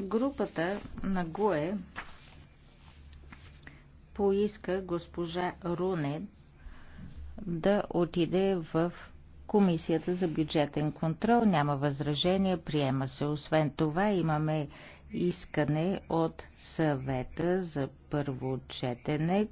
Групата на ГУЕ поиска госпожа Руне да отиде в Комисията за бюджетен контрол. Няма възражение, приема се. Освен това имаме искане от съвета за първо четене.